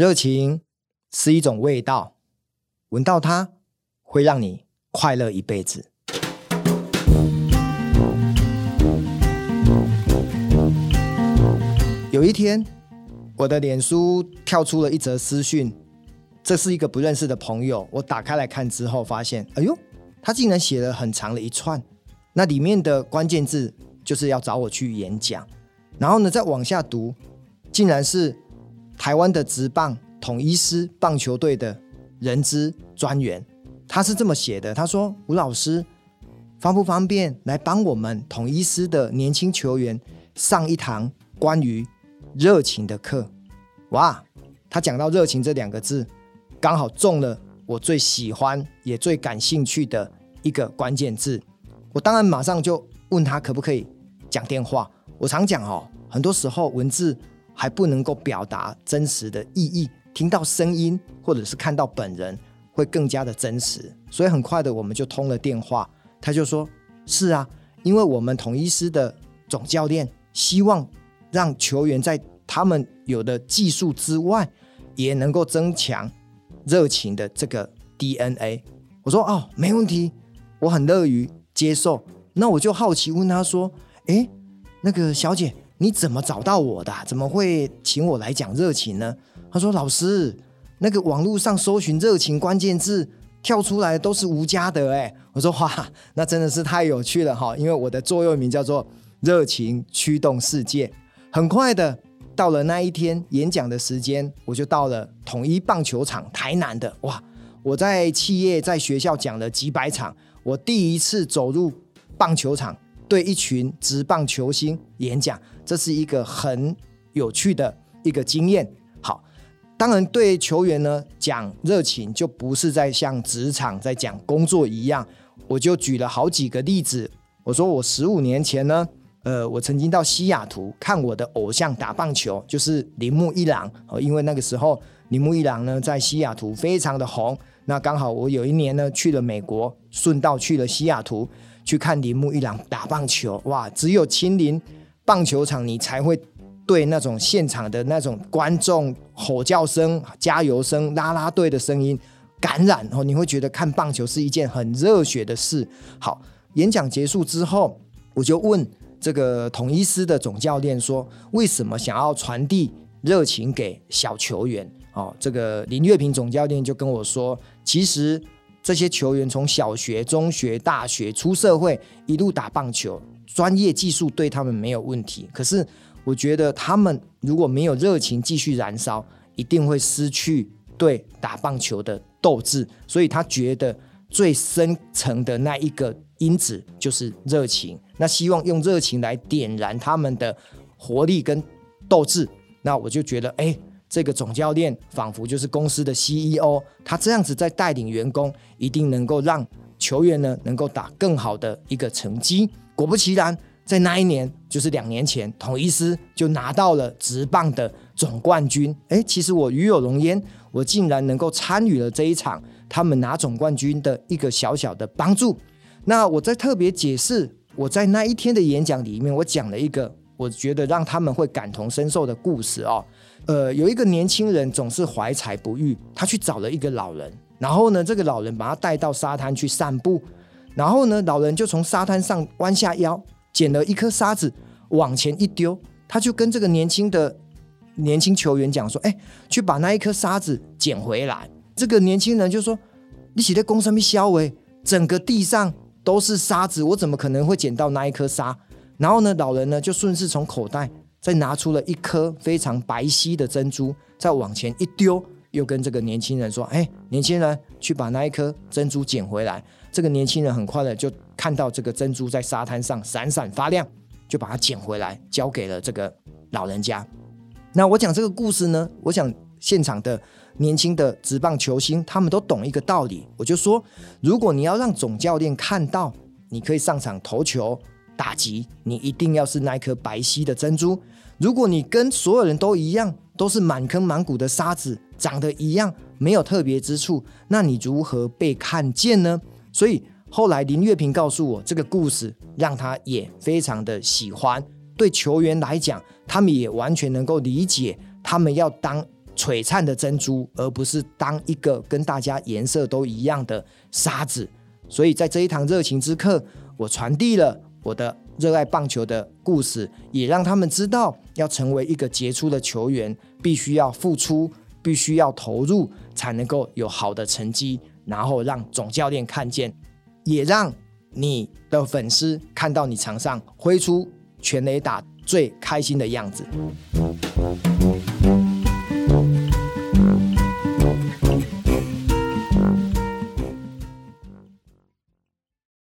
熱情是一種味道，聞到它會讓你快樂一輩子。有一天，我的臉書跳出了一則私訊，這是一個不認識的朋友。我打開來看之後，發現，哎呦，他竟然寫了很長的一串，那裡面的關鍵字就是要找我去演講。然後呢，再往下讀，竟然是。台灣的職棒統一獅棒球隊的人資專員，他是這麼寫的。他說：“吳老師，方不方便來幫我們統一獅的年輕球員上一堂關於熱情的課？”哇，他講到熱情這兩個字，剛好中了我最喜歡也最感興趣的一個關鍵字。我當然馬上就問他可不可以講電話。我常講哦，很多時候文字。還不能夠表達真實的意義，聽到聲音或者是看到本人會更加的真實，所以很快的我們就通了電話。他就說：“是啊，因為我們統一獅的總教練希望讓球員在他們有的技術之外，也能夠增強熱情的這個 DNA。”我說：“哦，沒問題，我很樂於接受。”那我就好奇問他說：“哎，那個小姐？”你怎麼找到我的啊？怎麼會請我來講熱情呢？他說：“老師，那個網絡上搜尋熱情關鍵字，跳出來都是吳家德。”哎，我說：“哇，那真的是太有趣了哈！”因為我的座右銘叫做“熱情驅動世界”。很快的，到了那一天演講的時間，我就到了統一棒球場，台南的。哇，我在企業、在學校講了幾百場，我第一次走入棒球場。對一群職棒球星演講，這是一個很有趣的一個經驗。好，當然對球員呢講熱情，就不是在像職場在講工作一樣。我就舉了好幾個例子。我說我十五年前呢，呃，我曾經到西雅圖看我的偶像打棒球，就是鈴木一朗。因為那個時候鈴木一朗呢，在西雅圖非常的紅。那剛好我有一年呢，去了美國，順道去了西雅圖，去看鈴木一朗打棒球，哇！只有親臨棒球場，你才會對那種現場的那種觀眾吼叫聲、加油聲、啦啦隊的聲音感染哦，你會覺得看棒球是一件很熱血的事。好，演講結束之後，我就問這個統一獅的總教練說：“為什麼想要傳遞熱情給小球員？”哦，這個林岳平總教練就跟我說：“其實。”這些球員從小學、中學、大學出社會，一路打棒球，專業技術對他們沒有問題。可是，我覺得他們如果沒有熱情繼續燃燒，一定會失去對打棒球的鬥志。所以他覺得最深層的那一個因子就是熱情。那希望用熱情來點燃他們的活力跟鬥志。那我就覺得，哎、欸。這個總教練仿佛就是公司的 CEO，他這樣子在帶領員工，一定能夠讓球員呢能夠打更好的一個成績。果不其然，在那一年，就是兩年前，統一獅就拿到了職棒的總冠軍。誒，其實我與有榮焉，我竟然能夠參與了這一場他們拿總冠軍的一個小小的幫助。那我在特別解釋，我在那一天的演講裡面，我講了一個。我覺得讓他們會感同身受的故事哦。呃，有一個年輕人總是懷才不遇，他去找了一個老人，然後呢，這個老人把他帶到沙灘去散步，然後呢，老人就從沙灘上彎下腰，撿了一顆沙子往前一丟，他就跟這個年輕的年輕球員講說：“哎，去把那一顆沙子撿回來。”這個年輕人就說：“你寫在功上面消威，整個地上都是沙子，我怎麼可能會撿到那一顆沙？”然後呢，老人呢就順勢從口袋再拿出了一顆非常白皙的珍珠，再往前一丟，又跟這個年輕人說：“哎、欸，年輕人，去把那一顆珍珠撿回來。”這個年輕人很快的就看到這個珍珠在沙灘上閃閃發亮，就把它撿回來交給了這個老人家。那我講這個故事呢，我想現場的年輕的職棒球星他們都懂一個道理，我就說：如果你要讓總教練看到，你可以上場投球。打擊，你一定要是那顆白皙的珍珠。如果你跟所有人都一樣，都是滿坑滿谷的沙子，長得一樣，沒有特別之處，那你如何被看見呢？所以後來林月平告訴我這個故事，讓他也非常的喜歡。對球員來講，他們也完全能夠理解，他們要當璀璨的珍珠，而不是當一個跟大家顏色都一樣的沙子。所以在這一堂熱情之課，我傳遞了。我的熱愛棒球的故事，也讓他們知道，要成為一個傑出的球員，必須要付出，必須要投入，才能夠有好的成績，然後讓總教練看見，也讓你的粉絲看到你場上揮出全壘打最開心的樣子。